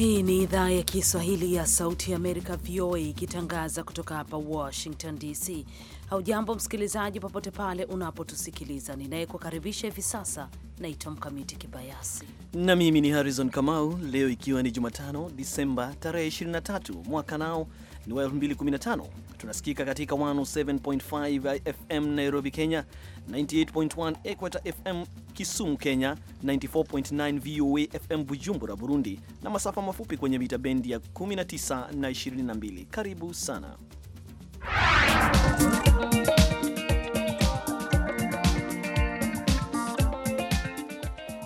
Hii ni idhaa ya Kiswahili ya Sauti ya Amerika, VOA, ikitangaza kutoka hapa Washington DC. Haujambo msikilizaji, popote pale unapotusikiliza. Ninayekukaribisha hivi sasa naitwa Mkamiti Kibayasi na mimi ni Harrison Kamau. Leo ikiwa ni Jumatano, Disemba tarehe 23 mwaka nao ni wa 2015. Tunasikika katika 107.5 FM Nairobi, Kenya 98.1 Equator FM Kisumu Kenya, 94.9 VOA FM Bujumbura Burundi, na masafa mafupi kwenye mita bendi ya 19 na 22. Karibu sana.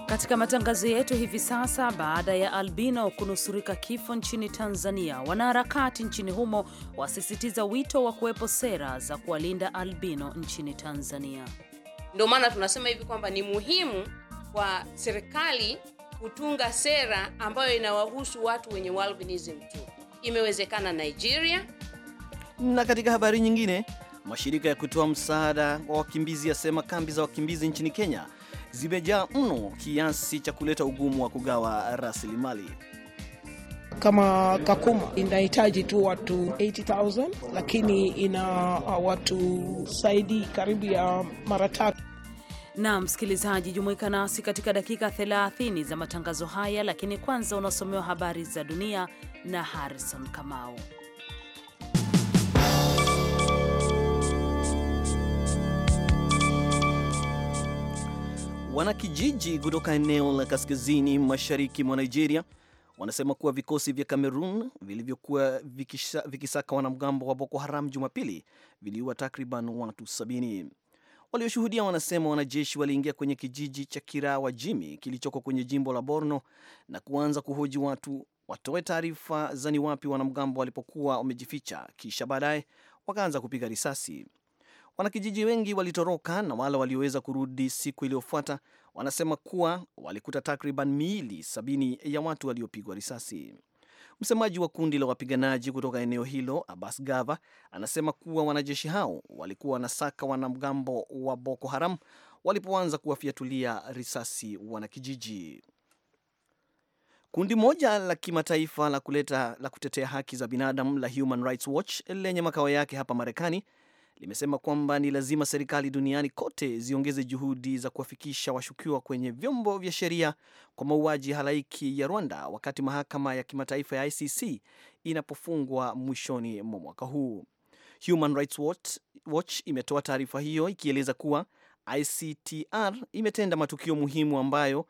Katika matangazo yetu hivi sasa, baada ya albino kunusurika kifo nchini Tanzania, wanaharakati nchini humo wasisitiza wito wa kuwepo sera za kuwalinda albino nchini Tanzania. Ndio maana tunasema hivi kwamba ni muhimu kwa serikali kutunga sera ambayo inawahusu watu wenye albinism tu. Imewezekana Nigeria. Na katika habari nyingine, mashirika ya kutoa msaada wa wakimbizi yasema kambi za wakimbizi nchini Kenya zimejaa mno kiasi cha kuleta ugumu wa kugawa rasilimali. Kama Kakuma inahitaji tu watu 80,000 lakini ina uh, watu zaidi karibu ya mara tatu. Na msikilizaji, jumuika nasi katika dakika 30 za matangazo haya, lakini kwanza unasomewa habari za dunia na Harrison Kamau. Wanakijiji kutoka eneo la kaskazini mashariki mwa Nigeria wanasema kuwa vikosi vya Cameroon vilivyokuwa vikisaka wanamgambo wa Boko Haram Jumapili viliua takriban watu sabini. Walioshuhudia wanasema wanajeshi waliingia kwenye kijiji cha Kirawa Jimi kilichoko kwenye jimbo la Borno na kuanza kuhoji watu watoe taarifa za ni wapi wanamgambo walipokuwa wamejificha, kisha baadaye wakaanza kupiga risasi. Wanakijiji wengi walitoroka na wale walioweza kurudi siku iliyofuata wanasema kuwa walikuta takriban miili sabini ya watu waliopigwa risasi. Msemaji wa kundi la wapiganaji kutoka eneo hilo Abbas Gava anasema kuwa wanajeshi hao walikuwa wanasaka wanamgambo wa Boko Haram walipoanza kuwafyatulia risasi wanakijiji. Kundi moja la kimataifa la kuleta la kutetea haki za binadamu la Human Rights Watch lenye makao yake hapa Marekani limesema kwamba ni lazima serikali duniani kote ziongeze juhudi za kuwafikisha washukiwa kwenye vyombo vya sheria kwa mauaji halaiki ya Rwanda wakati mahakama ya kimataifa ya ICC inapofungwa mwishoni mwa mwaka huu. Human Rights Watch, Watch imetoa taarifa hiyo ikieleza kuwa ICTR imetenda matukio muhimu ambayo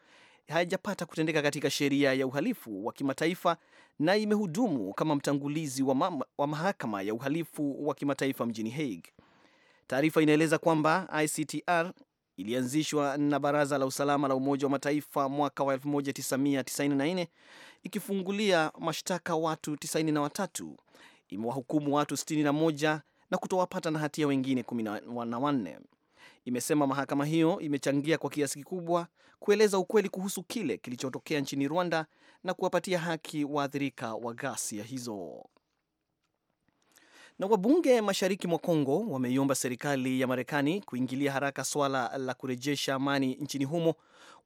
hayajapata kutendeka katika sheria ya uhalifu wa kimataifa na imehudumu kama mtangulizi wa, ma wa mahakama ya uhalifu wa kimataifa mjini Hague. Taarifa inaeleza kwamba ICTR ilianzishwa na Baraza la Usalama la Umoja wa Mataifa mwaka wa 1994 ikifungulia mashtaka watu 93, imewahukumu watu 61 na kutowapata na hatia wengine 14 imesema mahakama hiyo imechangia kwa kiasi kikubwa kueleza ukweli kuhusu kile kilichotokea nchini Rwanda na kuwapatia haki waathirika wa ghasia hizo. Na wabunge mashariki mwa Kongo wameiomba serikali ya Marekani kuingilia haraka swala la kurejesha amani nchini humo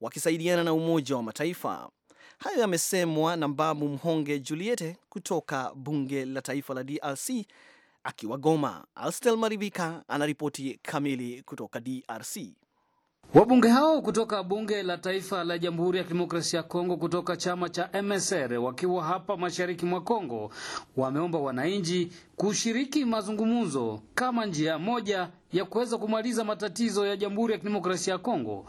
wakisaidiana na Umoja wa Mataifa. Hayo yamesemwa na Mbabu Mhonge juliete kutoka bunge la taifa la DRC akiwa Goma. Alstel Marivika anaripoti kamili kutoka DRC. Wabunge hao kutoka bunge la taifa la Jamhuri ya Kidemokrasia ya Kongo kutoka chama cha MSR wakiwa hapa mashariki mwa Kongo wameomba wananchi kushiriki mazungumzo kama njia moja ya kuweza kumaliza matatizo ya Jamhuri ya Kidemokrasia ya Kongo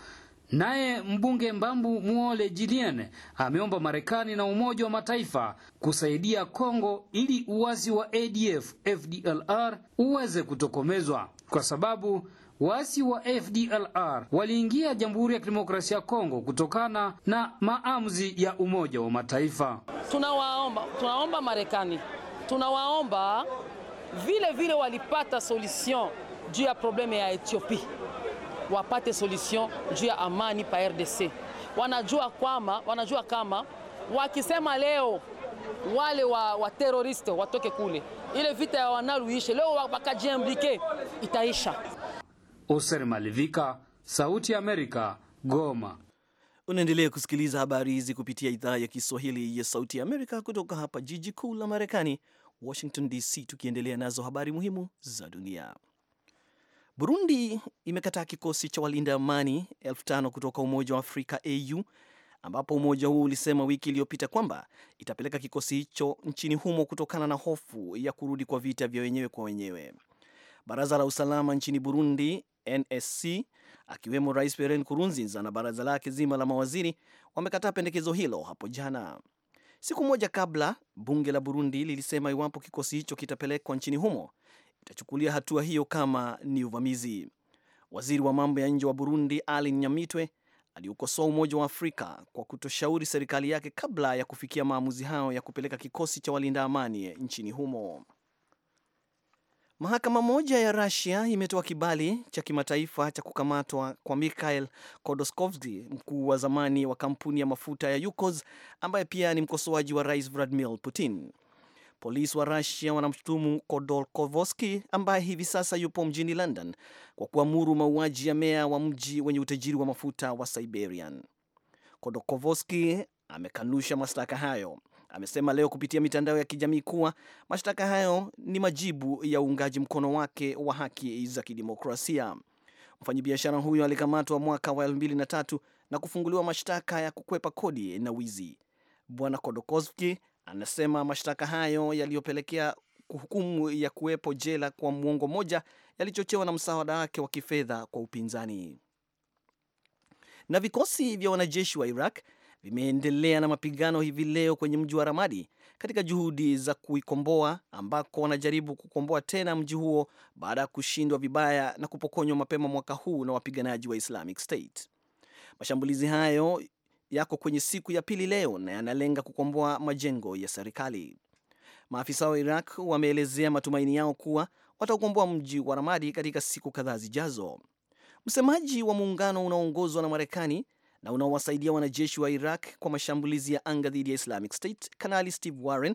Naye mbunge Mbambu Muole Julien ameomba Marekani na Umoja wa Mataifa kusaidia Kongo ili uasi wa ADF FDLR uweze kutokomezwa kwa sababu waasi wa FDLR waliingia Jamhuri ya Kidemokrasia ya Kongo kutokana na maamuzi ya Umoja wa Mataifa. Tunawaomba, tunaomba Marekani, tunawaomba vile vile walipata solution juu ya probleme ya Ethiopia wapate solution juu ya amani pa RDC. Wanajua kwama, wanajua kama wakisema leo wale wa, wa teroriste watoke kule, ile vita ya wanaluishe leo wakajiamblike itaisha. Oser Malivika, Sauti ya Amerika, Goma. Unaendelea kusikiliza habari hizi kupitia idhaa ya Kiswahili ya Sauti ya Amerika kutoka hapa jiji kuu la Marekani, Washington DC, tukiendelea nazo habari muhimu za dunia. Burundi imekataa kikosi cha walinda amani elfu tano kutoka Umoja wa Afrika AU ambapo umoja huo ulisema wiki iliyopita kwamba itapeleka kikosi hicho nchini humo kutokana na hofu ya kurudi kwa vita vya wenyewe kwa wenyewe. Baraza la usalama nchini Burundi NSC akiwemo Rais Pierre Nkurunziza na baraza lake zima la mawaziri wamekataa pendekezo hilo hapo jana. Siku moja kabla, bunge la Burundi lilisema iwapo kikosi hicho kitapelekwa nchini humo itachukulia hatua hiyo kama ni uvamizi. Waziri wa mambo ya nje wa Burundi Alin Nyamitwe aliukosoa Umoja wa Afrika kwa kutoshauri serikali yake kabla ya kufikia maamuzi hayo ya kupeleka kikosi cha walinda amani nchini humo. Mahakama moja ya Rusia imetoa kibali cha kimataifa cha kukamatwa kwa Mikhail Kodoskovsky, mkuu wa zamani wa kampuni ya mafuta ya Yukos ambaye pia ni mkosoaji wa Rais Vladimir Putin. Polisi wa Rusia wanamshutumu Kodolkovoski ambaye hivi sasa yupo mjini London kwa kuamuru mauaji ya meya wa mji wenye utajiri wa mafuta wa Siberian. Kodolkovoski amekanusha mashtaka hayo. Amesema leo kupitia mitandao ya kijamii kuwa mashtaka hayo ni majibu ya uungaji mkono wake wa haki za kidemokrasia. Mfanyabiashara huyo alikamatwa mwaka wa 2003 na kufunguliwa mashtaka ya kukwepa kodi na wizi. Bwana kodokoski Anasema mashtaka hayo yaliyopelekea hukumu ya kuwepo jela kwa mwongo mmoja yalichochewa na msaada wake wa kifedha kwa upinzani. Na vikosi vya wanajeshi wa Iraq vimeendelea na mapigano hivi leo kwenye mji wa Ramadi katika juhudi za kuikomboa, ambako wanajaribu kukomboa tena mji huo baada ya kushindwa vibaya na kupokonywa mapema mwaka huu na wapiganaji wa Islamic State. Mashambulizi hayo yako kwenye siku ya pili leo na yanalenga kukomboa majengo ya serikali. Maafisa wa Iraq wameelezea matumaini yao kuwa wataukomboa mji wa Ramadi katika siku kadhaa zijazo. Msemaji wa muungano unaoongozwa na Marekani na unaowasaidia wanajeshi wa Iraq kwa mashambulizi ya anga dhidi ya Islamic State, Kanali Steve Warren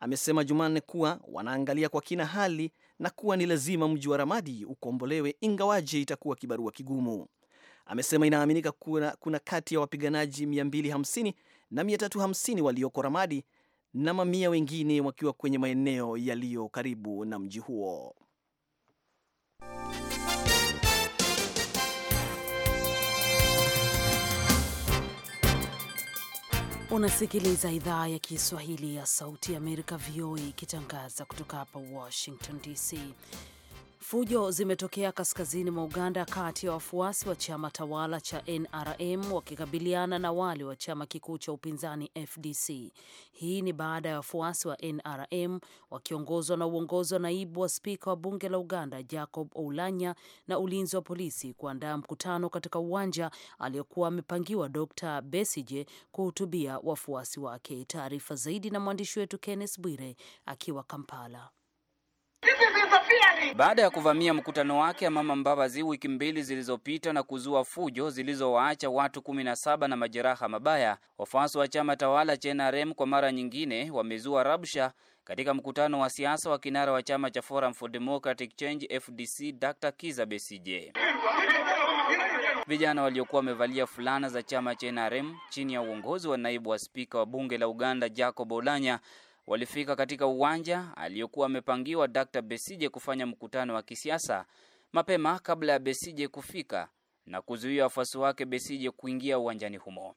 amesema Jumanne kuwa wanaangalia kwa kina hali na kuwa ni lazima mji wa Ramadi ukombolewe, ingawaje itakuwa kibarua kigumu amesema inaaminika kuna, kuna kati ya wapiganaji 250 na 350 walioko Ramadi na mamia wengine wakiwa kwenye maeneo yaliyo karibu na mji huo. Unasikiliza idhaa ya Kiswahili ya Sauti ya Amerika, VOA, ikitangaza kutoka hapa Washington DC. Fujo zimetokea kaskazini mwa Uganda kati ya wafuasi wa chama tawala cha NRM wakikabiliana na wale wa chama kikuu cha upinzani FDC. Hii ni baada ya wafuasi wa NRM wakiongozwa na uongozi wa naibu wa spika wa bunge la Uganda Jacob Oulanya na ulinzi wa polisi kuandaa mkutano katika uwanja aliyokuwa amepangiwa Dr. Besije kuhutubia wafuasi wake. Taarifa zaidi na mwandishi wetu Kenneth Bwire akiwa Kampala. Baada ya kuvamia mkutano wake Amama Mbabazi wiki mbili zilizopita na kuzua fujo zilizowaacha watu 17 na majeraha mabaya, wafuasi wa chama tawala cha NRM kwa mara nyingine wamezua rabsha katika mkutano wa siasa wa kinara wa chama cha Forum for Democratic Change FDC, Dr. Kiza Besije. Vijana waliokuwa wamevalia fulana za chama cha NRM chini ya uongozi wa naibu wa spika wa bunge la Uganda Jacob Olanya walifika katika uwanja aliyokuwa amepangiwa Dr. Besije kufanya mkutano wa kisiasa mapema kabla ya Besije kufika na kuzuia wafuasi wake Besije kuingia uwanjani humo.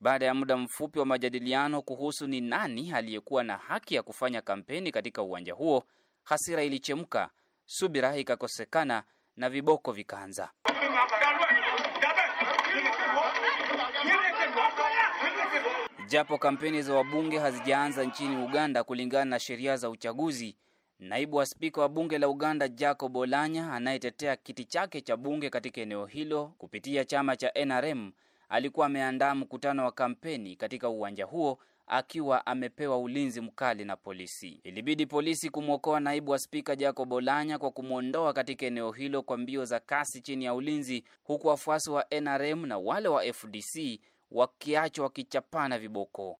Baada ya muda mfupi wa majadiliano kuhusu ni nani aliyekuwa na haki ya kufanya kampeni katika uwanja huo, hasira ilichemka, subira ikakosekana na viboko vikaanza. Japo kampeni za wabunge hazijaanza nchini Uganda kulingana na sheria za uchaguzi, naibu wa spika wa bunge la Uganda Jacob Olanya anayetetea kiti chake cha bunge katika eneo hilo kupitia chama cha NRM alikuwa ameandaa mkutano wa kampeni katika uwanja huo akiwa amepewa ulinzi mkali na polisi. Ilibidi polisi kumwokoa naibu wa spika Jacob Olanya kwa kumwondoa katika eneo hilo kwa mbio za kasi chini ya ulinzi, huku wafuasi wa NRM na wale wa FDC wakiachwa wakichapana viboko.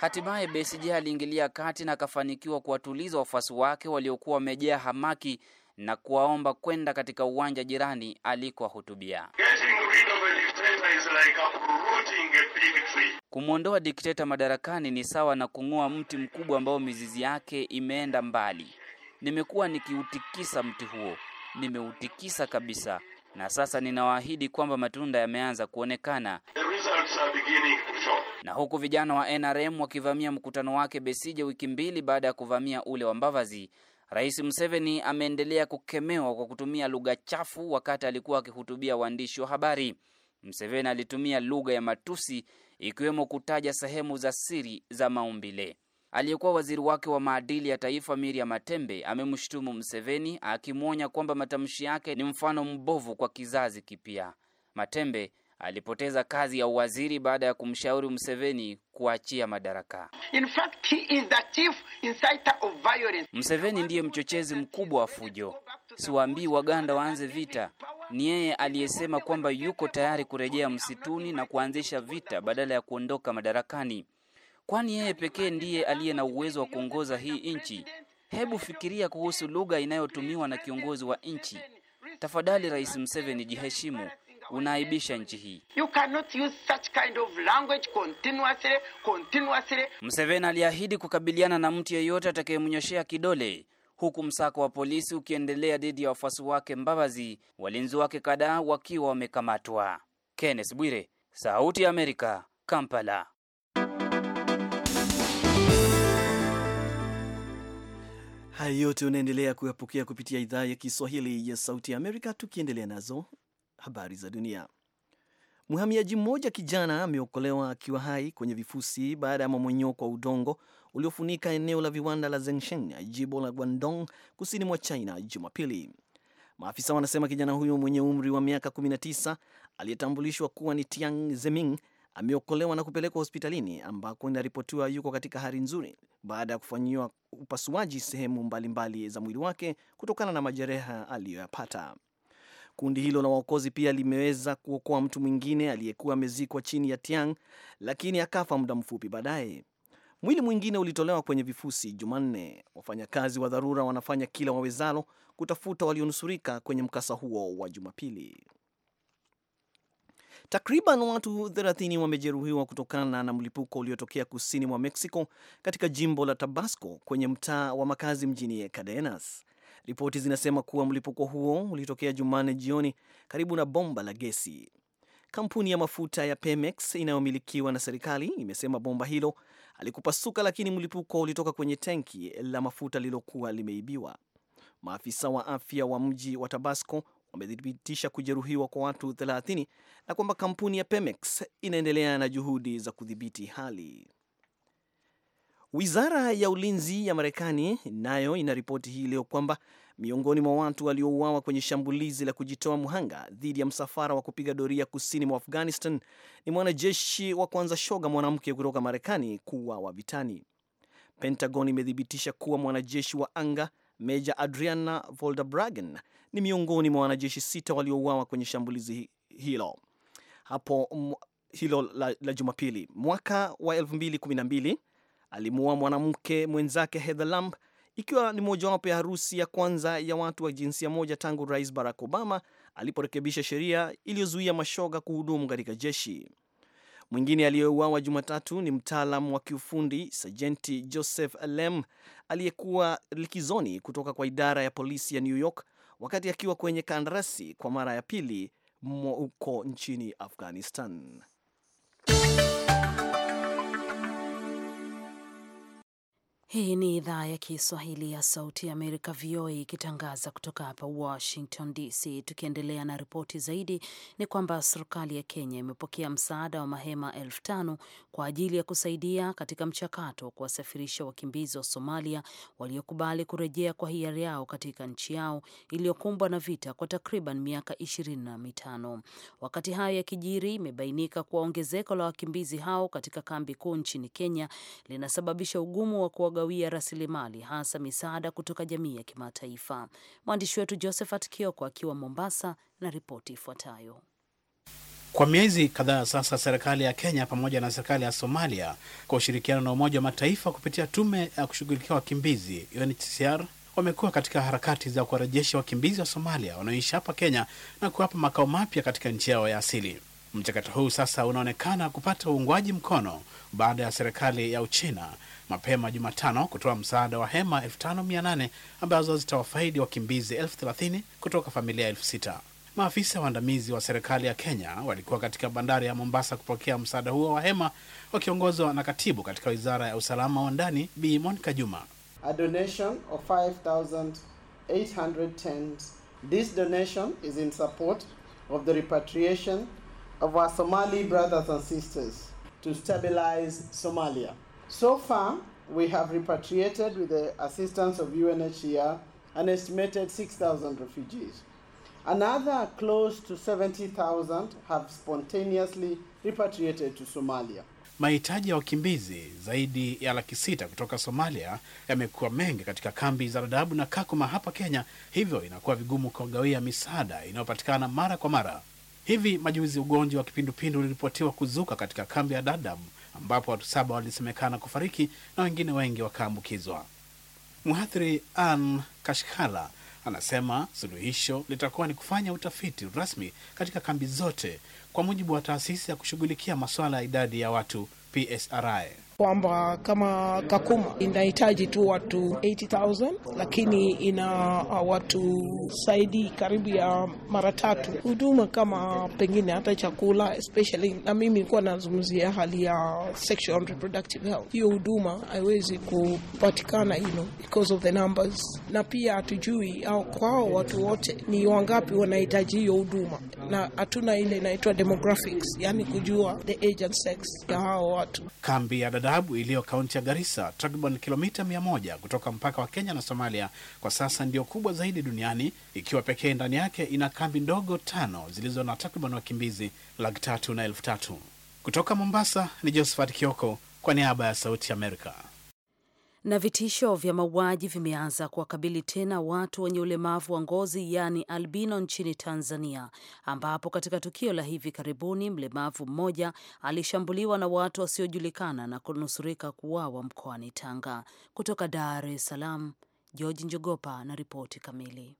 Hatimaye Besigye aliingilia kati na akafanikiwa kuwatuliza wafuasi wake waliokuwa wamejaa hamaki na kuwaomba kwenda katika uwanja jirani alikowahutubia. Kumwondoa dikteta madarakani ni sawa na kung'oa mti mkubwa ambao mizizi yake imeenda mbali. Nimekuwa nikiutikisa mti huo, nimeutikisa kabisa, na sasa ninawaahidi kwamba matunda yameanza kuonekana. Na huku vijana wa NRM wakivamia mkutano wake Besije wiki mbili baada ya kuvamia ule wa Mbavazi, Rais Museveni ameendelea kukemewa kwa kutumia lugha chafu wakati alikuwa akihutubia waandishi wa habari. Museveni alitumia lugha ya matusi ikiwemo kutaja sehemu za siri za maumbile. Aliyekuwa waziri wake wa maadili ya taifa Miriam matembe amemshutumu mseveni akimwonya kwamba matamshi yake ni mfano mbovu kwa kizazi kipya. Matembe alipoteza kazi ya uwaziri baada ya kumshauri mseveni kuachia madaraka. In fact, he is the chief inciter of violence. ndiye mchochezi mkubwa wa fujo. Siwaambii Waganda waanze vita. Ni yeye aliyesema kwamba yuko tayari kurejea msituni na kuanzisha vita badala ya kuondoka madarakani kwani yeye pekee ndiye aliye na uwezo wa kuongoza hii nchi. Hebu fikiria kuhusu lugha inayotumiwa na kiongozi wa nchi. Tafadhali Rais Museveni, jiheshimu. Unaaibisha nchi hii. You cannot use such kind of language continuously, continuously. Museveni aliahidi kukabiliana na mtu yeyote atakayemnyoshea kidole, huku msako wa polisi ukiendelea dhidi ya wafuasi wake Mbabazi, walinzi wake kadhaa wakiwa wamekamatwa. Kenneth Bwire, Sauti ya Amerika, Kampala. Hayo yote unaendelea kuyapokea kupitia idhaa ya Kiswahili ya Sauti ya Amerika, tukiendelea nazo habari za dunia. Mhamiaji mmoja kijana ameokolewa akiwa hai kwenye vifusi baada ya mamonyoko wa udongo uliofunika eneo la viwanda la Zengsheng, jimbo la Guangdong, kusini mwa China Jumapili. Maafisa wanasema kijana huyo mwenye umri wa miaka 19 aliyetambulishwa kuwa ni Tiang Zeming ameokolewa na kupelekwa hospitalini ambako inaripotiwa yuko katika hali nzuri baada ya kufanyiwa upasuaji sehemu mbalimbali mbali za mwili wake kutokana na majeraha aliyoyapata. Kundi hilo la waokozi pia limeweza kuokoa mtu mwingine aliyekuwa amezikwa chini ya Tiang, lakini akafa muda mfupi baadaye. Mwili mwingine ulitolewa kwenye vifusi Jumanne. Wafanyakazi wa dharura wanafanya kila wawezalo kutafuta walionusurika kwenye mkasa huo wa Jumapili. Takriban watu 30 wamejeruhiwa kutokana na mlipuko uliotokea kusini mwa Mexico katika jimbo la Tabasco kwenye mtaa wa makazi mjini Cadenas. Ripoti zinasema kuwa mlipuko huo ulitokea Jumanne jioni karibu na bomba la gesi. Kampuni ya mafuta ya Pemex inayomilikiwa na serikali imesema bomba hilo alikupasuka, lakini mlipuko ulitoka kwenye tenki la mafuta lililokuwa limeibiwa. Maafisa wa afya wa mji wa Tabasco wamethibitisha kujeruhiwa kwa watu 30 na kwamba kampuni ya Pemex inaendelea na juhudi za kudhibiti hali. Wizara ya ulinzi ya Marekani nayo inaripoti hii leo kwamba miongoni mwa watu waliouawa kwenye shambulizi la kujitoa mhanga dhidi ya msafara wa kupiga doria kusini mwa Afghanistan ni mwanajeshi wa kwanza shoga mwanamke kutoka Marekani kuwa vitani. Pentagon imethibitisha kuwa mwanajeshi wa anga Meja Adriana Volderbragen ni miongoni mwa wanajeshi sita waliouawa kwenye shambulizi hilo hapo hilo la, la Jumapili. Mwaka wa 2012 alimuua mwanamke mwenzake Heather Lamb ikiwa ni mojawapo ya harusi ya kwanza ya watu wa jinsia moja tangu Rais Barack Obama aliporekebisha sheria iliyozuia mashoga kuhudumu katika jeshi. Mwingine aliyeuawa Jumatatu ni mtaalam wa kiufundi Sajenti Joseph lem aliyekuwa likizoni kutoka kwa idara ya polisi ya New York wakati akiwa kwenye kandarasi kwa mara ya pili huko nchini Afghanistan. Hii ni idhaa ya Kiswahili ya Sauti ya Amerika, VOA, ikitangaza kutoka hapa Washington DC. Tukiendelea na ripoti zaidi, ni kwamba serikali ya Kenya imepokea msaada wa mahema elfu tano kwa ajili ya kusaidia katika mchakato wa kuwasafirisha wakimbizi wa Somalia waliokubali kurejea kwa hiari yao katika nchi yao iliyokumbwa na vita kwa takriban miaka ishirini na mitano. Wakati hayo ya kijiri, imebainika kuwa ongezeko la wakimbizi hao katika kambi kuu nchini Kenya linasababisha ugumu wa kuwaga kugawia rasilimali hasa misaada kutoka jamii ya kimataifa. Mwandishi wetu Josephat Kioko akiwa Mombasa na ripoti ifuatayo. Kwa miezi kadhaa sasa, serikali ya Kenya pamoja na serikali ya Somalia kwa ushirikiano na Umoja wa Mataifa kupitia tume ya kushughulikia wakimbizi UNHCR wamekuwa katika harakati za kuwarejesha wakimbizi wa Somalia wanaoishi hapa Kenya na kuwapa makao mapya katika nchi yao ya asili. Mchakato huu sasa unaonekana kupata uungwaji mkono baada ya serikali ya Uchina mapema Jumatano kutoa msaada wa hema 5800 ambazo zitawafaidi wakimbizi 30 kutoka familia 6,000. Maafisa waandamizi wa serikali ya Kenya walikuwa katika bandari ya Mombasa kupokea msaada huo wa hema wakiongozwa na katibu katika wizara ya usalama wa ndani Bi Monica Juma. A donation of This donation is in support of the repatriation of our Somali brothers and sisters to stabilize Somalia. So far, we have repatriated with the assistance of UNHCR an estimated 6,000 refugees. Another close to 70,000 have spontaneously repatriated to Somalia. Mahitaji ya wakimbizi zaidi ya laki sita kutoka Somalia yamekuwa mengi katika kambi za Dadaab na Kakuma hapa Kenya, hivyo inakuwa vigumu kugawia misaada inayopatikana mara kwa mara. Hivi majuzi ugonjwa wa kipindupindu uliripotiwa kuzuka katika kambi ya Dadaab ambapo watu saba walisemekana kufariki na wengine wengi wakaambukizwa. Mhathiri Ann Kashkala anasema suluhisho litakuwa ni kufanya utafiti rasmi katika kambi zote kwa mujibu wa taasisi ya kushughulikia masuala ya idadi ya watu PSRI kwamba kama Kakuma inahitaji tu watu 80,000 lakini ina uh, watu zaidi karibu ya mara tatu huduma kama pengine hata chakula especially, na mimi kuwa nazungumzia hali ya sexual reproductive health. Hiyo huduma haiwezi kupatikana you because of the numbers, na pia hatujui au kwao watu wote ni wangapi wanahitaji hiyo huduma, na hatuna ile inaitwa demographics, yani kujua the age and sex ya hao watu. Kambi ya dada Dadaab iliyo kaunti ya Garissa, takriban kilomita mia moja kutoka mpaka wa Kenya na Somalia, kwa sasa ndio kubwa zaidi duniani ikiwa pekee ndani yake ina kambi ndogo tano zilizo na takriban wakimbizi laki tatu na elfu tatu. Kutoka Mombasa ni Josephat Kioko kwa niaba ya Sauti Amerika. Na vitisho vya mauaji vimeanza kuwakabili tena watu wenye ulemavu wa ngozi yaani albino nchini Tanzania, ambapo katika tukio la hivi karibuni mlemavu mmoja alishambuliwa na watu wasiojulikana na kunusurika kuuawa mkoani Tanga. Kutoka Dar es Salaam, George Njogopa na ripoti kamili.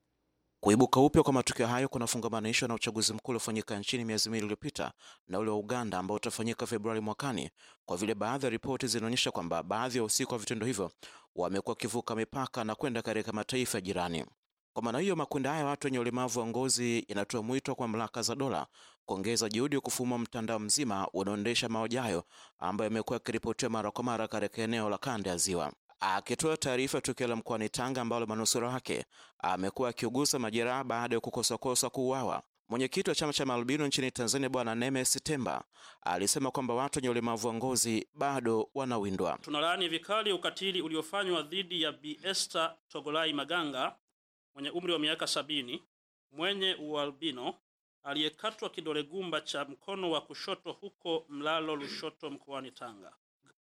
Kuibuka upya kwa matukio hayo kunafungamanishwa na uchaguzi mkuu uliofanyika nchini miezi miwili iliyopita na ule wa Uganda ambao utafanyika Februari mwakani, kwa vile baadhi ya ripoti zinaonyesha kwamba baadhi ya wahusika wa vitendo hivyo wamekuwa wakivuka mipaka na kwenda katika mataifa ya jirani. Kwa maana hiyo, makundi haya ya watu wenye ulemavu wa ngozi yanatoa mwito kwa mamlaka za dola kuongeza juhudi ya kufuma mtandao mzima unaoendesha mauaji hayo ambayo yamekuwa yakiripotiwa mara kwa mara katika eneo la kanda ya Ziwa. Akitoa taarifa tukio la mkoani Tanga ambalo manusura wake amekuwa akiugusa majeraha baada ya kukosakosa kuuawa, mwenyekiti wa chama cha maalbino nchini Tanzania Bwana Nemes Temba alisema kwamba watu wenye ulemavu wa ngozi bado wanawindwa. Tunalaani vikali ukatili uliofanywa dhidi ya Bi Esther Togolai Maganga mwenye umri wa miaka sabini mwenye ualbino aliyekatwa kidole gumba cha mkono wa kushoto huko Mlalo Lushoto mkoani Tanga.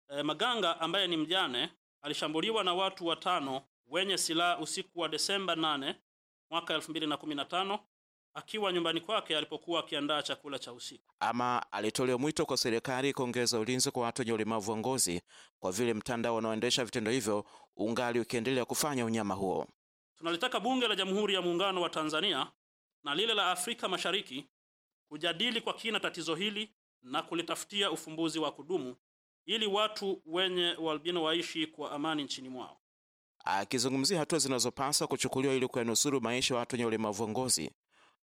E, Maganga ambaye ni mjane alishambuliwa na watu watano wenye silaha usiku wa Desemba 8 mwaka 2015 akiwa nyumbani kwake alipokuwa akiandaa chakula cha usiku. Ama alitolewa mwito kwa serikali kuongeza ulinzi kwa watu wenye ulemavu wa ngozi kwa vile mtandao unaoendesha vitendo hivyo ungali ukiendelea kufanya unyama huo. Tunalitaka bunge la Jamhuri ya Muungano wa Tanzania na lile la Afrika Mashariki kujadili kwa kina tatizo hili na kulitafutia ufumbuzi wa kudumu ili watu wenye ualbino waishi kwa amani nchini mwao. Akizungumzia hatua zinazopaswa kuchukuliwa ili kuyanusuru maisha watu wenye ulemavu wa ngozi,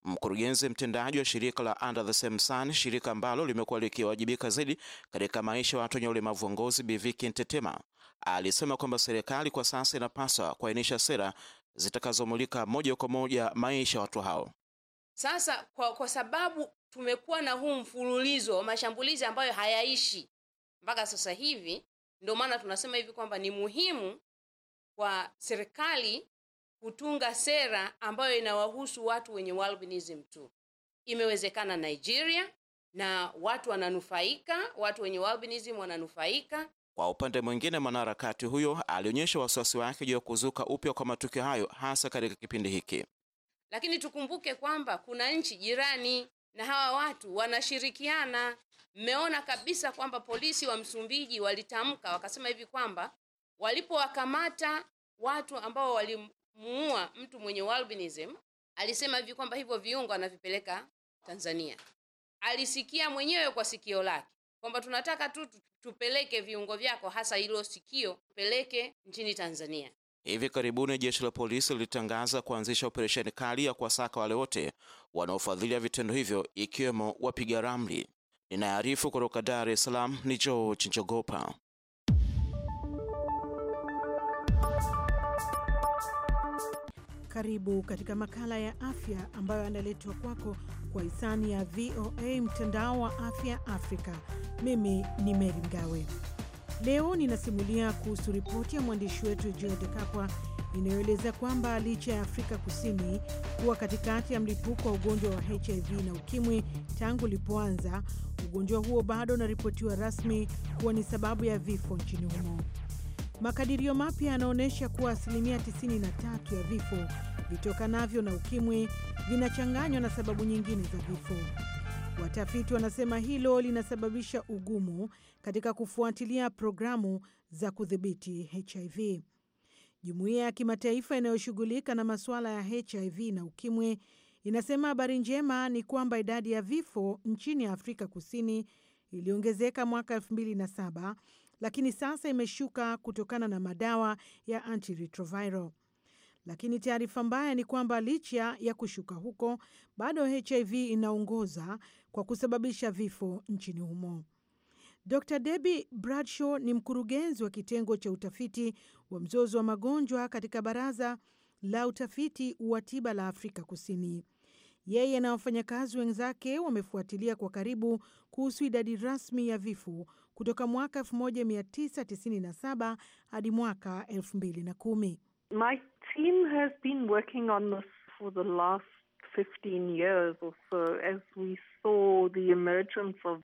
mkurugenzi mtendaji wa shirika la Under the Same Sun, shirika ambalo limekuwa likiwajibika zaidi katika maisha watu wenye ulemavu wa ngozi, Biviki Ntetema, alisema kwamba serikali kwa sasa inapaswa kuainisha sera zitakazomulika moja kwa moja maisha ya watu hao. Sasa kwa, kwa sababu tumekuwa na huu mfululizo wa mashambulizi ambayo hayaishi mpaka sasa hivi. Ndio maana tunasema hivi kwamba ni muhimu kwa serikali kutunga sera ambayo inawahusu watu wenye albinism tu. Imewezekana Nigeria na watu wananufaika, watu wenye albinism wananufaika. Kwa upande mwingine, mwanaharakati huyo alionyesha wasiwasi wake juu ya kuzuka upya kwa matukio hayo hasa katika kipindi hiki, lakini tukumbuke kwamba kuna nchi jirani na hawa watu wanashirikiana mmeona kabisa kwamba polisi wa Msumbiji walitamka wakasema hivi kwamba walipowakamata watu ambao walimuua mtu mwenye albinism, alisema hivi kwamba hivyo viungo anavipeleka Tanzania. Alisikia mwenyewe kwa sikio lake kwamba tunataka tu tupeleke viungo vyako, hasa hilo sikio, tupeleke nchini Tanzania. Hivi karibuni jeshi la polisi lilitangaza kuanzisha operesheni kali ya kuwasaka wale wote wanaofadhilia vitendo hivyo ikiwemo wapiga ramli. Ninaarifu kutoka Dar es Salaam ni George Njogopa. Karibu katika makala ya afya ambayo analetwa kwako kwa hisani ya VOA mtandao wa afya Afrika. Mimi ni Meri Mgawe. Leo ninasimulia kuhusu ripoti ya mwandishi wetu Joede Kapwa inayoeleza kwamba licha ya Afrika Kusini kuwa katikati ya mlipuko wa ugonjwa wa HIV na ukimwi tangu ulipoanza, ugonjwa huo bado unaripotiwa rasmi kuwa ni sababu ya vifo nchini humo. Makadirio mapya yanaonyesha kuwa asilimia 93 ya vifo vitokanavyo na ukimwi vinachanganywa na sababu nyingine za vifo. Watafiti wanasema hilo linasababisha ugumu katika kufuatilia programu za kudhibiti HIV. Jumuiya ya kimataifa inayoshughulika na masuala ya HIV na ukimwi inasema habari njema ni kwamba idadi ya vifo nchini Afrika Kusini iliongezeka mwaka 2007 lakini sasa imeshuka kutokana na madawa ya antiretroviral. Lakini taarifa mbaya ni kwamba licha ya kushuka huko, bado HIV inaongoza kwa kusababisha vifo nchini humo. Dr Debbie Bradshaw ni mkurugenzi wa kitengo cha utafiti wa mzozo wa magonjwa katika baraza la utafiti wa tiba la Afrika Kusini. Yeye na wafanyakazi wenzake wamefuatilia kwa karibu kuhusu idadi rasmi ya vifo kutoka mwaka 1997 hadi mwaka 2010. My team has been working on this for the last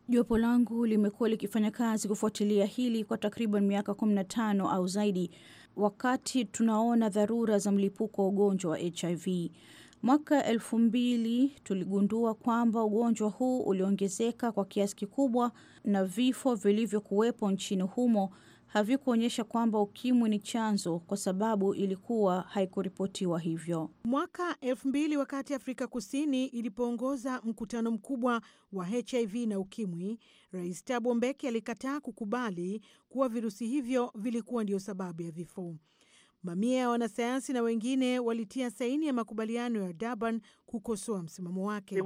Jopo langu limekuwa likifanya kazi kufuatilia hili kwa takriban miaka 15 au zaidi, wakati tunaona dharura za mlipuko wa ugonjwa wa HIV. Mwaka elfu mbili tuligundua kwamba ugonjwa huu uliongezeka kwa kiasi kikubwa na vifo vilivyokuwepo nchini humo havikuonyesha kwamba ukimwi ni chanzo kwa sababu ilikuwa haikuripotiwa hivyo. Mwaka elfu mbili wakati Afrika Kusini ilipoongoza mkutano mkubwa wa HIV na ukimwi, Rais Thabo Mbeki alikataa kukubali kuwa virusi hivyo vilikuwa ndio sababu ya vifo. Mamia ya wanasayansi na wengine walitia saini ya makubaliano ya Durban kukosoa msimamo wake.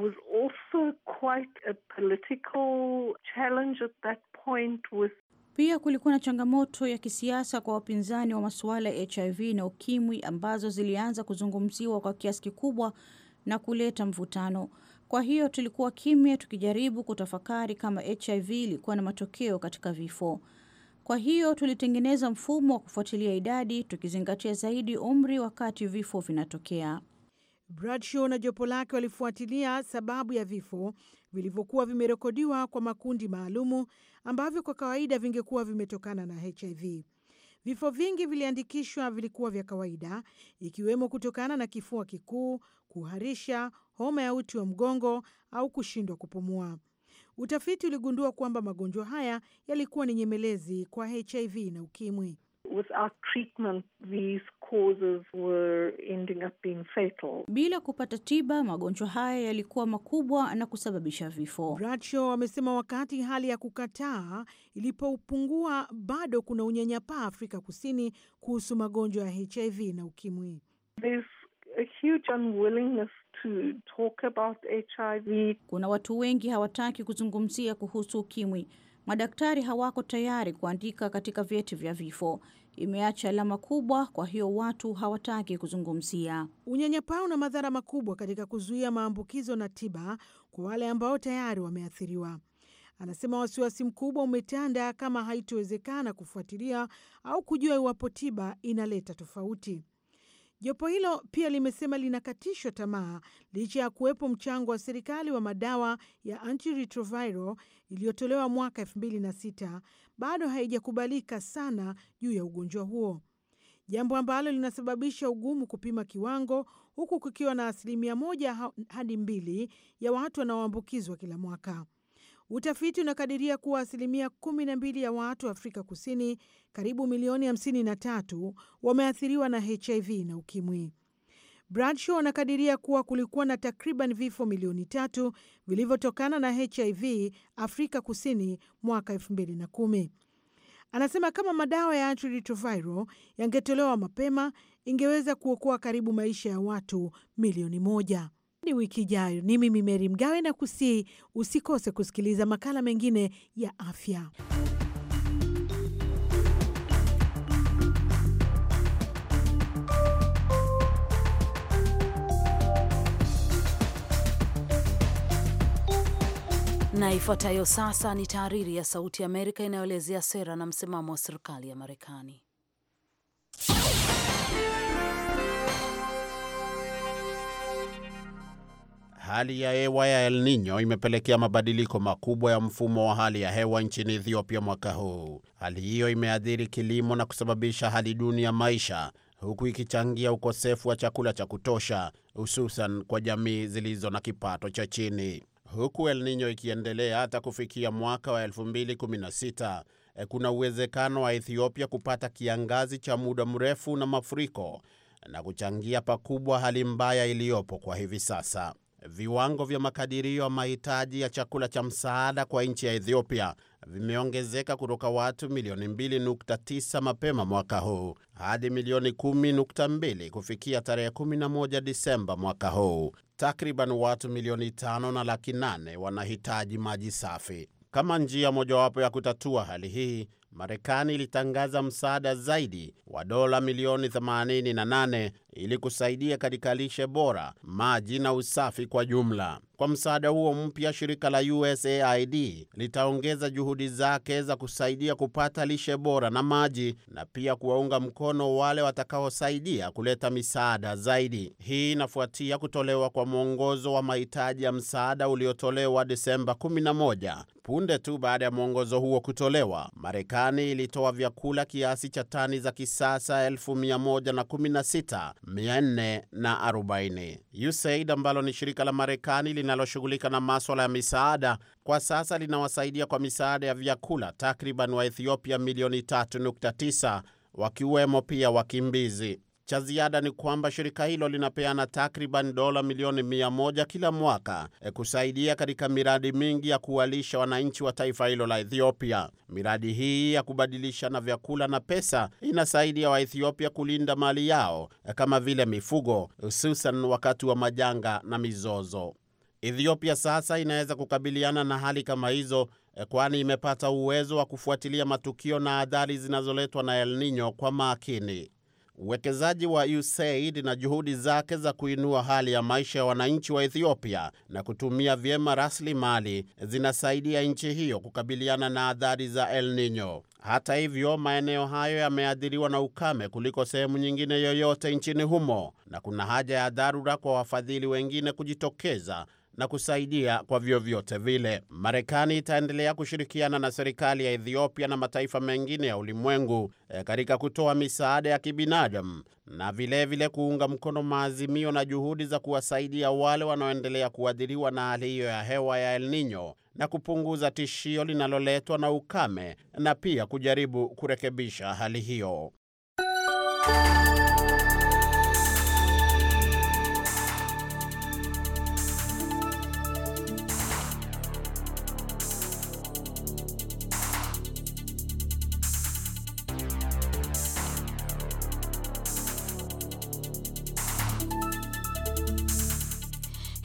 Pia kulikuwa na changamoto ya kisiasa kwa wapinzani wa masuala ya HIV na ukimwi ambazo zilianza kuzungumziwa kwa kiasi kikubwa na kuleta mvutano. Kwa hiyo tulikuwa kimya, tukijaribu kutafakari kama HIV ilikuwa na matokeo katika vifo. Kwa hiyo tulitengeneza mfumo wa kufuatilia idadi tukizingatia zaidi umri wakati vifo vinatokea. Bradshaw na jopo lake walifuatilia sababu ya vifo vilivyokuwa vimerekodiwa kwa makundi maalumu ambavyo kwa kawaida vingekuwa vimetokana na HIV. Vifo vingi viliandikishwa vilikuwa vya kawaida, ikiwemo kutokana na kifua kikuu, kuharisha, homa ya uti wa mgongo au kushindwa kupumua. Utafiti uligundua kwamba magonjwa haya yalikuwa ni nyemelezi kwa HIV na ukimwi. Bila kupata tiba, magonjwa haya yalikuwa makubwa na kusababisha vifo. Bradshaw amesema wakati hali ya kukataa ilipopungua, bado kuna unyanyapaa Afrika Kusini kuhusu magonjwa ya HIV na ukimwi. There's a huge unwillingness to talk about HIV. Kuna watu wengi hawataki kuzungumzia kuhusu ukimwi. Madaktari hawako tayari kuandika katika vyeti vya vifo. Imeacha alama kubwa, kwa hiyo watu hawataki kuzungumzia. Unyanyapaa una madhara makubwa katika kuzuia maambukizo na tiba kwa wale ambao tayari wameathiriwa. Anasema wasiwasi mkubwa umetanda kama haitowezekana kufuatilia au kujua iwapo tiba inaleta tofauti. Jopo hilo pia limesema linakatishwa tamaa licha ya kuwepo mchango wa serikali wa madawa ya antiretroviral iliyotolewa mwaka 2006 bado haijakubalika sana juu ya ugonjwa huo, jambo ambalo linasababisha ugumu kupima kiwango, huku kukiwa na asilimia moja hadi mbili ya watu wanaoambukizwa kila mwaka. Utafiti unakadiria kuwa asilimia 12 ya watu wa Afrika Kusini, karibu milioni 53, wameathiriwa na HIV na ukimwi. Bradshaw anakadiria kuwa kulikuwa na takriban vifo milioni tatu vilivyotokana na HIV Afrika Kusini mwaka 2010. Anasema kama madawa ya antiretroviral yangetolewa mapema ingeweza kuokoa karibu maisha ya watu milioni moja ni wiki ijayo, ni mimi Meri Mgawe na kusii usikose kusikiliza makala mengine ya afya. Na ifuatayo sasa ni tahariri ya Sauti ya Amerika inayoelezea sera na msimamo wa serikali ya Marekani. Hali ya hewa ya El Nino imepelekea mabadiliko makubwa ya mfumo wa hali ya hewa nchini Ethiopia mwaka huu. Hali hiyo imeathiri kilimo na kusababisha hali duni ya maisha huku ikichangia ukosefu wa chakula cha kutosha hususan kwa jamii zilizo na kipato cha chini. Huku El Nino ikiendelea hata kufikia mwaka wa 2016, eh, kuna uwezekano wa Ethiopia kupata kiangazi cha muda mrefu na mafuriko na kuchangia pakubwa hali mbaya iliyopo kwa hivi sasa viwango vya makadirio ya mahitaji ya chakula cha msaada kwa nchi ya Ethiopia vimeongezeka kutoka watu milioni 2.9 mapema mwaka huu hadi milioni 10.2 kufikia tarehe 11 Disemba mwaka huu. Takriban watu milioni t5 na laki 8 wanahitaji maji safi. Kama njia mojawapo ya kutatua hali hii, Marekani ilitangaza msaada zaidi wa dola milioni 88 ili kusaidia katika lishe bora, maji na usafi kwa jumla. Kwa msaada huo mpya, shirika la USAID litaongeza juhudi zake za kusaidia kupata lishe bora na maji na pia kuwaunga mkono wale watakaosaidia kuleta misaada zaidi. Hii inafuatia kutolewa kwa mwongozo wa mahitaji ya msaada uliotolewa Desemba 11. Punde tu baada ya mwongozo huo kutolewa, Marekani ilitoa vyakula kiasi cha tani za kisasa 1116 440. USAID ambalo ni shirika la Marekani linaloshughulika na maswala ya misaada, kwa sasa linawasaidia kwa misaada ya vyakula takriban Waethiopia milioni 3.9 wakiwemo pia wakimbizi. Cha ziada ni kwamba shirika hilo linapeana takriban dola milioni mia moja kila mwaka e, kusaidia katika miradi mingi ya kuwalisha wananchi wa taifa hilo la Ethiopia. Miradi hii ya kubadilishana vyakula na pesa inasaidia Waethiopia kulinda mali yao e, kama vile mifugo, hususan wakati wa majanga na mizozo. Ethiopia sasa inaweza kukabiliana na hali kama hizo e, kwani imepata uwezo wa kufuatilia matukio na adhari zinazoletwa na El Nino kwa makini. Uwekezaji wa USAID na juhudi zake za kuinua hali ya maisha ya wananchi wa Ethiopia na kutumia vyema rasilimali zinasaidia nchi hiyo kukabiliana na adhari za El Nino. Hata hivyo, maeneo hayo yameathiriwa na ukame kuliko sehemu nyingine yoyote nchini humo na kuna haja ya dharura kwa wafadhili wengine kujitokeza na kusaidia kwa vyovyote vile. Marekani itaendelea kushirikiana na serikali ya Ethiopia na mataifa mengine ya ulimwengu e, katika kutoa misaada ya kibinadamu na vilevile vile kuunga mkono maazimio na juhudi za kuwasaidia wale wanaoendelea kuadhiriwa na hali hiyo ya hewa ya El Nino na kupunguza tishio linaloletwa na ukame na pia kujaribu kurekebisha hali hiyo.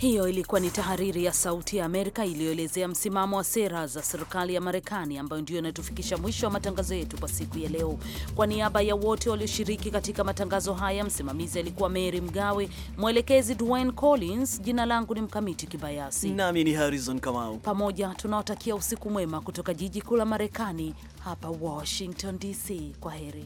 Hiyo ilikuwa ni tahariri ya Sauti ya Amerika iliyoelezea msimamo wa sera za serikali ya Marekani, ambayo ndiyo inatufikisha mwisho wa matangazo yetu kwa siku ya leo. Kwa niaba ya wote walioshiriki katika matangazo haya, msimamizi alikuwa Mary Mgawe, mwelekezi Dwayne Collins, jina langu ni Mkamiti Kibayasi nami ni Harrison Kamau. Pamoja tunawatakia usiku mwema kutoka jiji kuu la Marekani, hapa Washington DC. Kwa heri.